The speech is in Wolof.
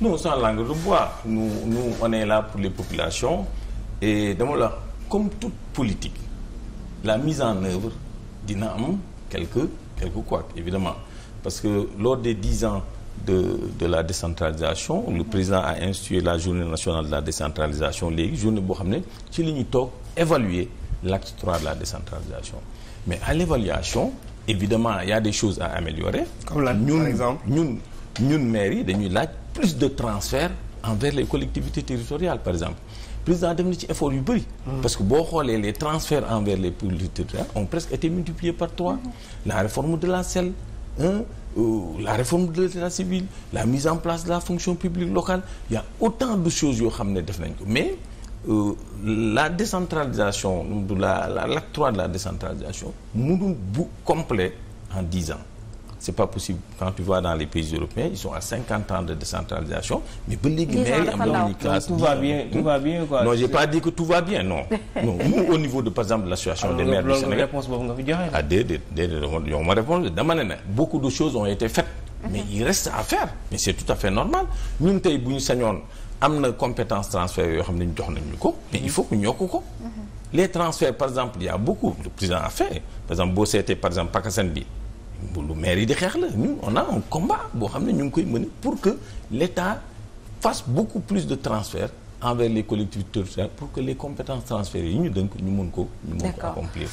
nous sans langue de bois nous nous on est pour les populations et dama la comme toute politique la mise en œuvre dina am quelque quelques couacs évidemment parce que lors des dix ans de de la décentralisation le président a institué la journée nationale de la décentralisation léegi journée boo xam ne ci li ñu toog évaluer l'acte trois de la décentralisation mais à l'évaluation évidemment il y des choses à améliorer. comme là par exemple ñun ñun maire yi dañuy laaj. plus de transfert envers les collectivités territoriales par exemple président def na ci effort yu bëri hmm. parce que boo xoolee les transferts envers les collectivités territoriales ont presque été multipliés par trois hmm. la réforme de la selle Hein, euh, la réforme de l'état civil la mise en place de la fonction publique locale il y a autant de choses yoo xam ne def nañ ko mais euh, la décentralisation la l'acte trois de la décentralisation mënul bu complet en dix ans c'est pas possible quand tu vas dans les pays européens ils sont à 50 ans de décentralisation mais ba léegi maire yi am nañu classe tout va bien tout va bien quoi non j'ai pas dit que tout va bien non non nous au niveau de par exemple l'association des maires du Sénégal ah déedéet déedéet yow ma réponse dama ne ne beaucoup de choses ont été faites mhm. mais il reste à faire mais c'est tout à fait normal ñun tey bu ñu sañoon am na compétence transfert yoo xam ne ñu jox nañu ko mais il faut que ñu yokk ko mhm. les transferts par exemple il y a beaucoup le président a fait par exemple boo seetee par exemple Pakasen bi lu maire yi di xeex la ñun on a un combat boo xam ne ñu ngi koy mener pour que l' état fasse beaucoup plus de transfert envers les collectivités territoriales pour que les compétences transférées yi ñu dënk ñu mun ko ñu mun ko accomplir